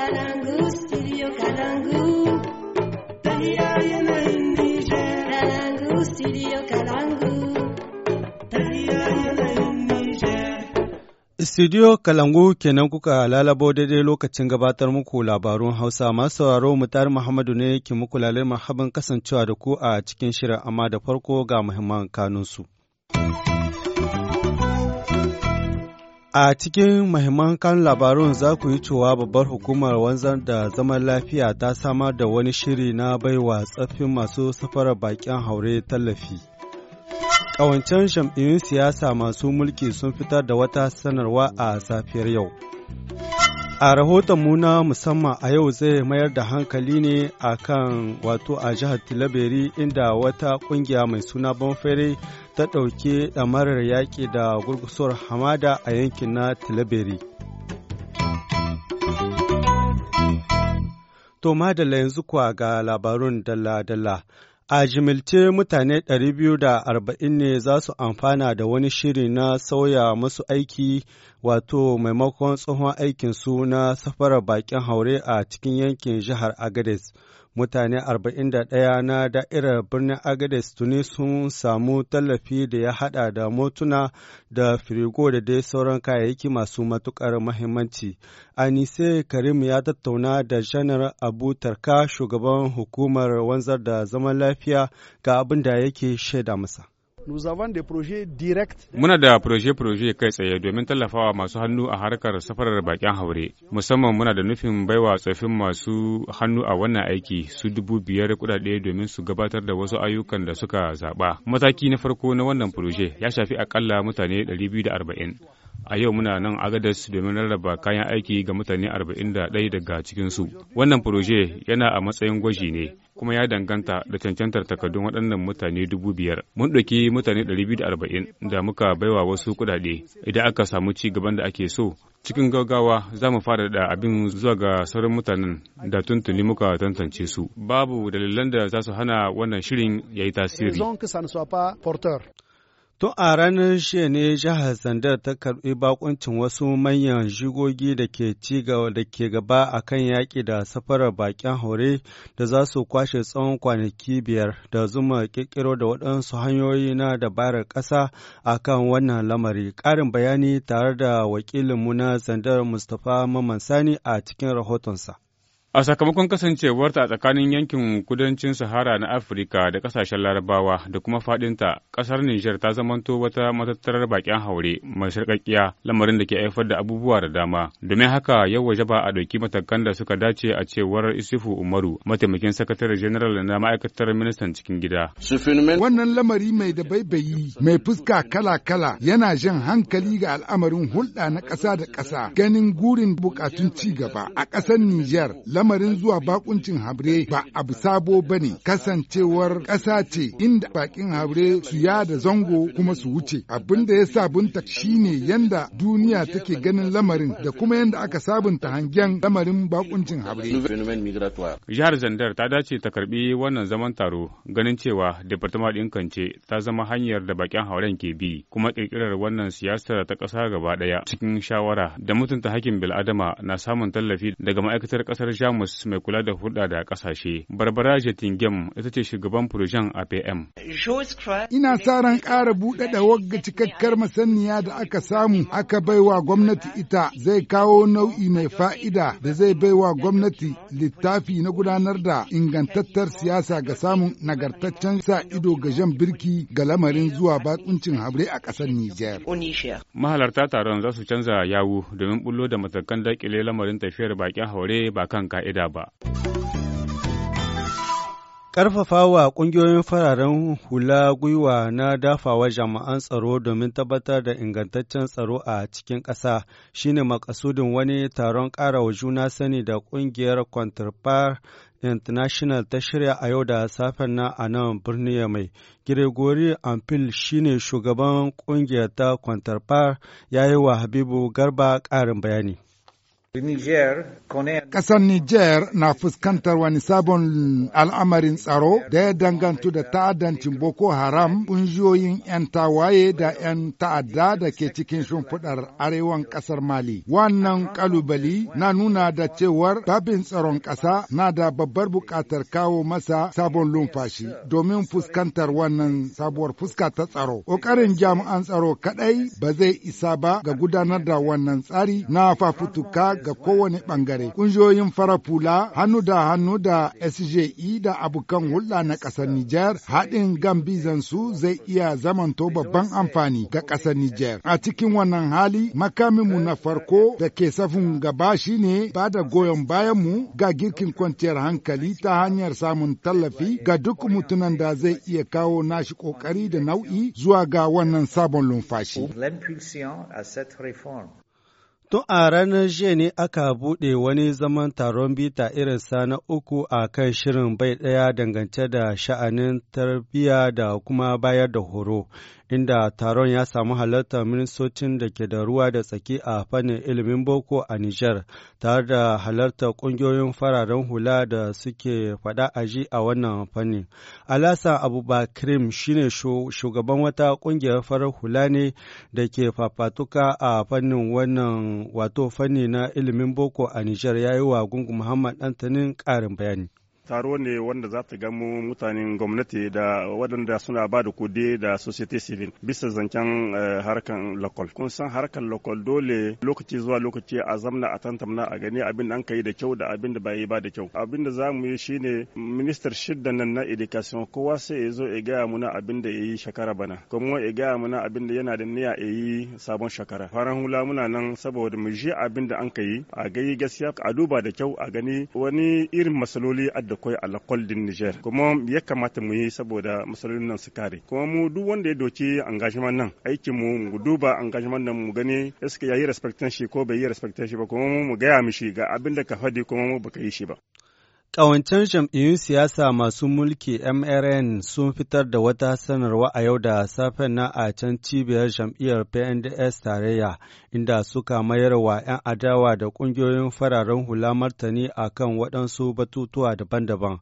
kalangu studio kalangu kalangu kenan kuka lalabo daidai lokacin gabatar muku labarun Hausa masu sauraro mutar Muhammadu ne ke muku lalai marhaban kasancewa da ku a cikin shirin amma da farko ga muhimman kanunsu. A cikin mahimman kan labarun za ku yi cewa babbar hukumar wanzar da zaman lafiya ta samar da wani shiri na baiwa tsaffin masu safarar bakin haure tallafi. Ƙawancen jam'iyyun siyasa masu mulki sun fitar da wata sanarwa a safiyar yau. A rahoton na musamman a yau zai mayar da hankali ne a kan wato a jihar Tilaberi inda wata ƙungiya mai suna Banfere ta ɗauki ɗamarar yaƙi da gurgusuwar hamada a yankin na Tilaberi. To madalla yanzu kuwa ga labarun dalla-dalla. A jimilce mutane 240 ne za su amfana da wani shiri na sauya masu aiki wato maimakon tsohon aikinsu na safarar baƙin haure a cikin yankin jihar Agades. mutane arba'in da ɗaya na da'irar birnin agades tuni sun samu tallafi da ya haɗa da motuna da firigo da dai sauran kayayyaki masu matukar mahimmanci anise karim ya tattauna da janar abu tarka shugaban hukumar wanzar da zaman lafiya ga abin da yake shaida masa Muna da proje-proje kai tsaye domin tallafawa masu hannu a harkar safarar bakin haure. Musamman muna da nufin baiwa tsofin masu hannu a wannan aiki su dubu biyar kudade domin su gabatar da wasu ayyukan da suka zaba Mataki na farko na wannan proje ya shafi akalla mutane 240. a yau muna nan agadas domin rarraba kayan aiki ga mutane arba'in da 41 daga cikinsu wannan proje yana a matsayin gwaji ne kuma ya danganta da cancantar takardun waɗannan mutane dubu biyar mun ɗauki mutane 240 da muka baiwa wasu kuɗaɗe idan aka samu ci gaban da ake so cikin gaggawa za mu fara da abin zuwa ga sauran mutanen da tuntuni muka tantance su babu dalilan da za su hana wannan shirin ya yi tasiri Tun a ranar shiya ne jihar Zandar ta karɓi bakuncin wasu manyan shigogi da ke ci da ke gaba a kan yaƙi da safarar bakin haure da za su kwashe tsawon kwanaki biyar da zuma ƙirƙiro da waɗansu hanyoyi na dabarar ƙasa a kan wannan lamari. Ƙarin bayani tare da wakilinmu na Zandar Mustapha Mamansani a cikin rahotonsa. A sakamakon kasancewarta a tsakanin yankin kudancin Sahara na Afirka da kasashen Larabawa da kuma fadinta, ƙasar Nijar ta zamanto wata matattarar baƙin haure mai sarƙaƙiya lamarin da ke haifar da abubuwa da dama. Domin haka yau waje ba a ɗauki matakan da suka dace a cewar Isufu Umaru, mataimakin sakatare general na ma'aikatar ministan cikin gida. Wannan lamari mai da baibayi mai fuska kala-kala yana jan hankali ga al'amarin hulɗa na ƙasa da ƙasa ganin gurin buƙatun ci gaba a ƙasar Nijar. lamarin zuwa bakuncin habre ba abu sabo ba ne kasancewar ƙasa ce inda bakin habre su ya da zango kuma su wuce abin da ya sabunta shine yanda duniya take ganin lamarin da kuma yanda aka sabunta hangen lamarin bakuncin habre jihar zandar ta dace ta karbi wannan zaman taro ganin cewa departama ɗin kance ta zama hanyar da bakin hauren ke bi kuma ƙirƙirar wannan siyasar ta ƙasa gaba ɗaya cikin shawara da mutunta hakkin bil'adama na samun tallafi daga ma'aikatar ƙasar Jamus mai kula da hulɗa da ƙasashe. Barbara Jettingem ita ce shugaban a APM. Ina sa ran ƙara buɗe da wagga cikakkar masaniya da aka samu aka baiwa gwamnati ita zai kawo nau'i mai fa'ida da zai baiwa gwamnati littafi na gudanar da ingantattar siyasa ga samun nagartaccen sa ido ga jan birki ga lamarin zuwa bakuncin habre a ƙasar Nijar. Mahalarta taron za su canza yawu domin bullo da matakan daƙile lamarin tafiyar bakin haure ba kan ka’ida ba. Ƙarfafawa ƙungiyoyin fararen hula gwiwa na dafawa jama'an tsaro domin tabbatar da ingantaccen tsaro a cikin ƙasa shine makasudin wani taron ƙarawa juna sani da ƙungiyar Contrapar International ta shirya a yau da safen na a nan birni mai. Gregory Amfil shine shugaban ƙungiyar ta Contrapar ya yi wa Habibu Garba ƙarin bayani. Ƙasar Nijar na fuskantar wani sabon al'amarin tsaro da ya dangantu da ta'addancin Boko Haram, ƙungiyoyin 'yan tawaye da 'yan ta'adda da ke cikin shimfiɗar arewan ƙasar Mali. Wannan ƙalubali na nuna da cewar babin tsaron ƙasa na da babbar buƙatar kawo masa sabon lumfashi domin fuskantar wannan sabuwar fuska ta tsaro. Ƙoƙarin jami'an tsaro kaɗai ba zai isa ba ga gudanar da wannan tsari na fafutuka ga kowane ɓangare. Ƙungiyoyin farafula hannu da hannu da SJI e da abokan hulɗa na ƙasar Nijar haɗin gambizan su zai iya zamanto babban amfani ga ƙasar Nijar. A cikin wannan hali makaminmu na farko da ke safin gaba shine ba da goyon bayanmu ga girkin kwanciyar hankali ta hanyar samun tallafi ga duk mutumin da zai iya kawo nashi ƙoƙari da nau'i zuwa ga wannan sabon lumfashi. Tun a ranar jiya ne aka buɗe wani zaman taron bita irinsa na uku a kan shirin bai ɗaya dangance da sha'anin tarbiyya da kuma bayar da horo. inda taron ya samu halartar ministocin da ke da ruwa da tsaki a fannin ilimin boko a Nijar, tare da halartar ƙungiyoyin fararen hula da suke faɗa aji a wannan fannin. Alasan Abubakrim shine shugaban wata ƙungiyar farar hula ne da ke fafatuka a fannin wannan wato fanni na ilimin boko a Nijar ya yi wa Gungu Muhammad Ɗantanin ƙarin bayani. taro ne wanda za ta gamu mutanen gwamnati da waɗanda suna ba da kudi da society civil bisa zancen eh, harkan lokal kun san harkan lokal dole lokaci zuwa lokaci a zamna a tantamna a gani abin da an kai da kyau da abin da bai ba da kyau abin da za mu yi shine minister shidda nan na education kowa sai ya zo ya gaya muna abin da ya yi shekara bana kuma ya gaya muna abin da yana da niyya ya yi sabon shakara. faran hula muna nan saboda mu ji abin da an kai a gayi gaskiya a duba da kyau a gani wani irin masaloli adda akwai a lakol din Niger kuma ya kamata mu yi saboda matsalolin nan su kare kuma mu duk wanda ya doki engagement nan aikin mu mu duba engagement nan mu gani ya yayi respectin shi ko bai yi respectin shi ba kuma mu gaya mishi ga abin da ka fadi kuma mu baka yi shi ba Ƙawancen jam'iyyun siyasa masu mulki MRN sun fitar da wata sanarwa a yau da safen na a can cibiyar jam'iyyar PNDS tarayya inda suka mayar wa 'yan adawa da ƙungiyoyin fararen hula martani a kan waɗansu batutuwa daban-daban.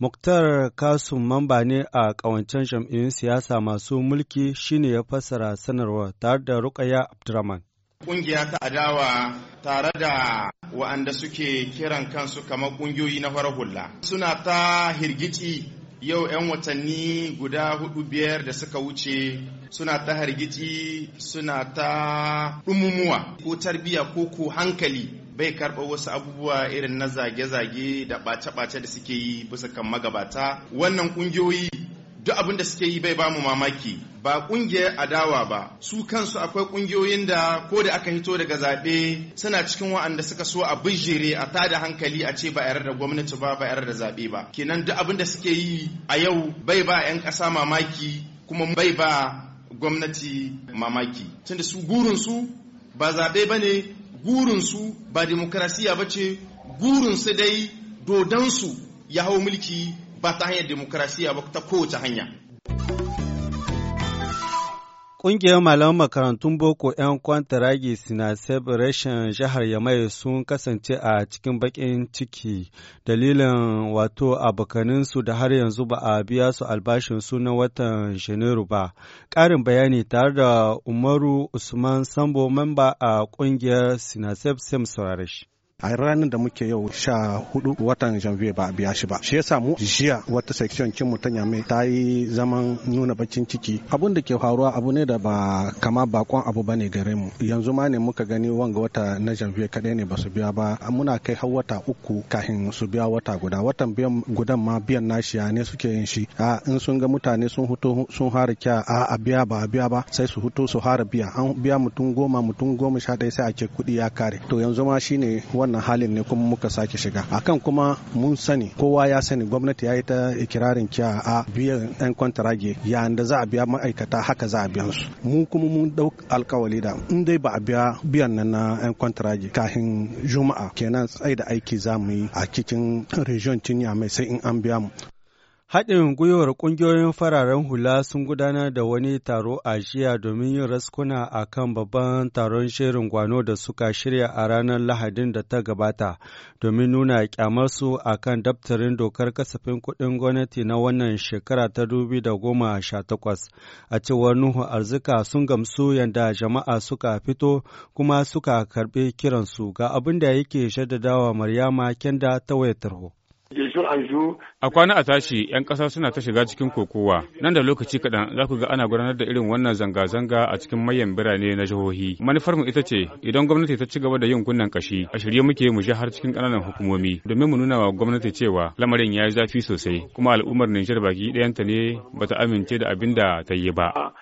Muktar Kasum mamba ne a ƙawancen jam'iyyun siyasa masu mulki shine ya fassara sanarwa, tare da Rukaya Abdurrahman. Ƙungiya ta adawa tare da wa'anda suke kiran kansu kamar ƙungiyoyi na fara hula suna ta hirgici yau 'yan watanni guda hudu biyar da suka wuce suna ta hargitsi suna ta ɗumumuwa ko tarbiya ko ko hankali bai karɓa wasu abubuwa irin na zage-zage da ɓace-ɓace da suke yi bisa kan magabata wannan ƙungiyoyi duk abin da suke yi bai ba mu mamaki ba kungiyar adawa ba su kansu akwai kungiyoyin da ko da aka hito daga zaɓe suna cikin wa'anda suka so a bijire a tada hankali a ce ba a da gwamnati ba ba da zaɓe ba kenan duk abin da suke yi a yau bai ba 'yan ƙasa mamaki kuma bai ba gwamnati mamaki tunda su su ba zaɓe bane ne su ba demokrasiya bace ce su dai dodansu ya hau mulki ba ta hanyar demokrasiya ba ta kowace hanya. Ƙungiyar malaman makarantun boko 'yan kwantaragi rage reshen jihar Yamai sun kasance a cikin baƙin ciki dalilin wato abokaninsu da har yanzu ba a biya su albashin na watan Janairu ba. Ƙarin bayani tare da Umaru Usman Sambo memba a ƙungiyar sinaseb Sem a ranar da muke yau sha hudu watan janvier ba a biya shi ba shi yasa mu jiya wata section kin ya mai ta yi zaman nuna bakin ciki abun da ke faruwa abu ne da ba kama bakon abu bane gare mu yanzu ma ne muka gani wanga wata na janvier kadai ne ba su biya ba muna kai har wata uku kafin su biya wata guda watan biyan gudan ma biyan nashi ne suke yin shi a in sun ga mutane sun huto sun hara kya a biya ba a biya ba sai su huto su hara biya an biya mutum goma mutum goma sha ɗaya sai a ce kuɗi ya kare to yanzu ma shine wannan halin ne kuma muka sake shiga akan kuma mun sani kowa ya sani gwamnati ya yi ta ikirarin kiya a biyan yan kwantarage yayin da za a biya ma'aikata haka za a biyan su mu kuma mun dau alkawali da in dai ba a biya biyan nan na yan kwantarage kafin juma'a kenan tsaye da aiki za mu yi a cikin region tinya mai sai in an biya mu Haɗin gwiwar ƙungiyoyin fararen hula sun gudanar da wani taro a jiya domin yin raskuna a kan babban taron shirin gwano da suka shirya a ranar Lahadin da ta gabata domin nuna kyamarsu a kan daftarin dokar kasafin kuɗin gwamnati na wannan shekara ta da goma sha takwas. A cewar Nuhu Arzika sun gamsu yadda jama'a suka fito kuma suka karɓi kiransu ga abin da yake shaddadawa Maryama Kenda ta wayar tarho. A kwana a tashi, 'yan ƙasa suna ta shiga cikin kokowa. Nan da lokaci kaɗan za ku ga ana gudanar da irin wannan zanga-zanga a cikin mayan birane na jihohi. Manufarmu ita ce, idan gwamnati ta ci gaba da yin kunnan kashi, a shirye muke mu je har cikin ƙananan hukumomi, domin mu nuna wa gwamnati cewa lamarin ya yi zafi sosai, kuma al'ummar Nijar baki ɗayanta ne ba ta amince da abin da ta yi ba. Ah,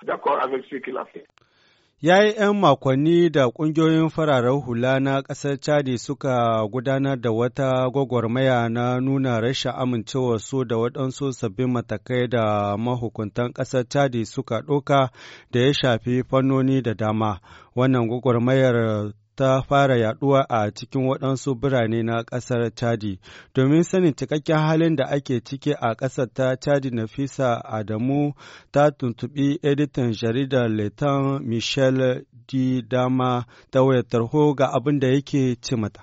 ya yi 'yan makonni da ƙungiyoyin fararen hula na ƙasar chadi suka gudanar da wata gwagwarmaya na nuna rashin su da waɗansu sabbin matakai da mahukuntan ƙasar chadi suka ɗoka da ya shafi fannoni da dama wannan gwagwarmayar ta fara yaduwa a cikin waɗansu birane na ƙasar Chadi. Domin sanin cikakken halin da ake ciki a ƙasar ta Chadi Nafisa Adamu ta tuntuɓi editan jaridar Letan Michel Di Dama ta wayar tarho ga abin da yake ci mata.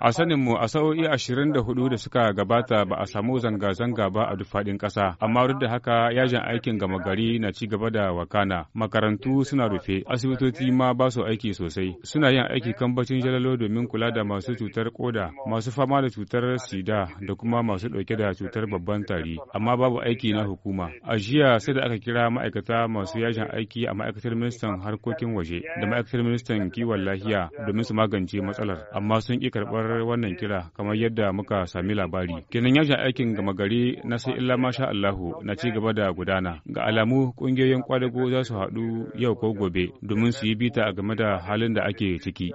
A sanin mu a sa'o'i ashirin da hudu da suka gabata ba a samu zanga-zanga ba a duk faɗin ƙasa, amma duk da haka yajin aikin gama gari na ci gaba da wakana. Makarantu suna rufe, asibitoci ma ba su aiki sosai. Suna yin aiki kambacin jalalo domin kula da masu cutar koda, masu fama da cutar sida da kuma masu ɗauke da cutar babban tari, amma babu aiki na hukuma. A jiya sai da aka kira ma'aikata masu yajin aiki a ma'aikatar ministan harkokin waje da ma'aikatar ministan kiwon lafiya domin su magance magance matsalar amma sun ƙi karɓar wannan kira kamar yadda muka sami labari kenan yajin aikin gama gari na sai illa masha Allahu na ci gaba da gudana ga alamu ƙungiyoyin kwadago za su haɗu yau ko gobe domin su yi bita game da halin da ake ciki.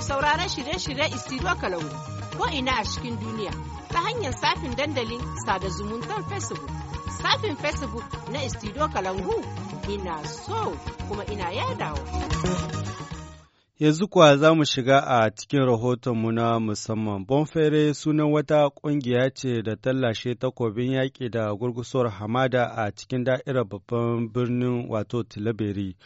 sauraron shirye-shirye istiro kalau ko ina a cikin duniya ta hanyar safin dandalin sada zumuntar facebook safin facebook na istiro kalangu ina so kuma ina yadawa. Yanzu kuwa za mu shiga a cikin rahotonmu na musamman. Bonfere sunan wata ƙungiya ce da tallashe takobin yaƙi da gurgusuwar hamada a cikin da'irar babban birnin wato Tilaberi.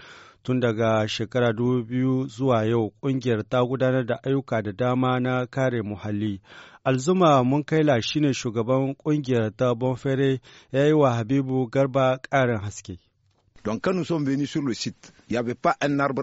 Tun daga shekara biyu zuwa yau, ƙungiyar ta gudanar da ayyuka da dama na kare muhalli. Alzuma mun Munkaila shine shugaban ƙungiyar ta Bonfere ya yi wa Habibu Garba ƙarin haske. don kanu son veni sur le site, ya n'y pa un arbre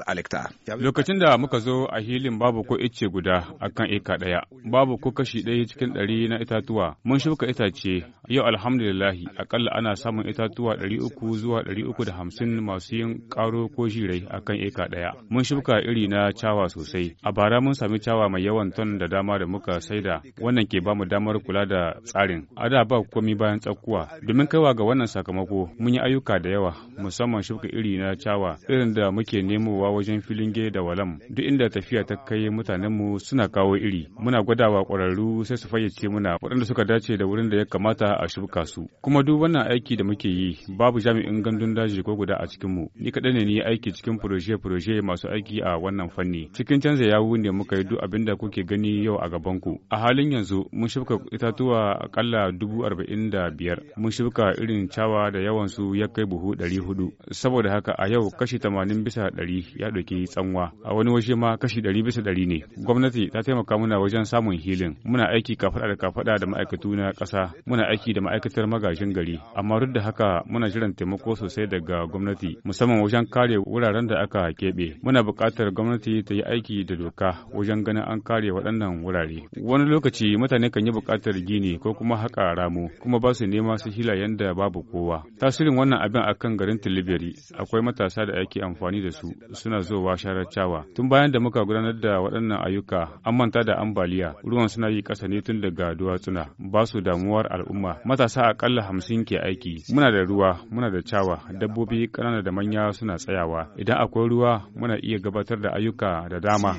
Lokacin da muka zo a hilin babu ko icce guda akan eka daya, babu ko kashi daya cikin ɗari na itatuwa. Mun shuka itace, yau alhamdulillahi akalla ana samun itatuwa ɗari uku zuwa ɗari uku da hamsin masu yin ƙaro ko jirai akan eka daya. Mun shuka iri na cawa sosai. A bara mun sami cawa mai yawan ton da dama da muka saida, wannan ke bamu damar kula da tsarin. A da ba komi bayan tsakuwa. Domin kaiwa ga wannan sakamako, mun yi ayyuka da yawa, musamman musamman shuka iri na cawa irin da muke nemowa wajen filin ge da walam duk inda tafiya ta kai mutanenmu suna kawo iri muna gwadawa ƙwararru sai su fayyace muna waɗanda suka dace da wurin da ya kamata a shuka su kuma duk wannan aiki da muke yi babu jami'in gandun daji ko guda a cikinmu ni kaɗai ne ni aiki cikin furoje-furoje masu aiki a wannan fanni cikin canza yawu ne muka yi duk abin da kuke gani yau a ku a halin yanzu mun shuka itatuwa akalla dubu arba'in da biyar mun shuka irin cawa da yawansu ya kai buhu ɗari hudu saboda haka a yau kashi tamanin bisa ɗari ya ɗauki tsanwa a wani waje ma kashi ɗari bisa ɗari ne gwamnati ta taimaka muna wajen samun hilin muna aiki kafaɗa da kafaɗa da ma'aikatu na ƙasa muna aiki da ma'aikatar magajin gari amma duk da haka muna jiran taimako sosai daga gwamnati musamman wajen kare wuraren da aka keɓe muna buƙatar gwamnati ta yi aiki da doka wajen ganin an kare waɗannan wurare wani lokaci mutane kan yi buƙatar gini ko kuma haƙa ramu kuma ba su nema su hila yanda babu kowa tasirin wannan abin akan garin tilibi gari akwai matasa da ake amfani da su suna zowa sharar cawa. Tun bayan da muka gudanar da waɗannan ayyuka an manta da ambaliya ruwan suna yi ƙasa ne tun daga duwatsuna ba su damuwar al'umma matasa akalla hamsin ke aiki muna da ruwa muna da cawa dabbobi ƙanana da manya suna tsayawa idan akwai ruwa muna iya gabatar da ayyuka da dama.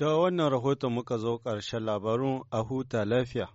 ta wannan rahoton muka zo ƙarshen labarun a huta lafiya.